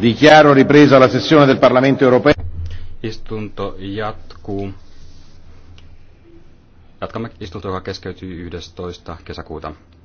Dichiaro ripresa la sessione del Parlamento europeo. Istunto jatkuu. Jatkamme istuntoa, joka keskeytyy 11. kesäkuuta.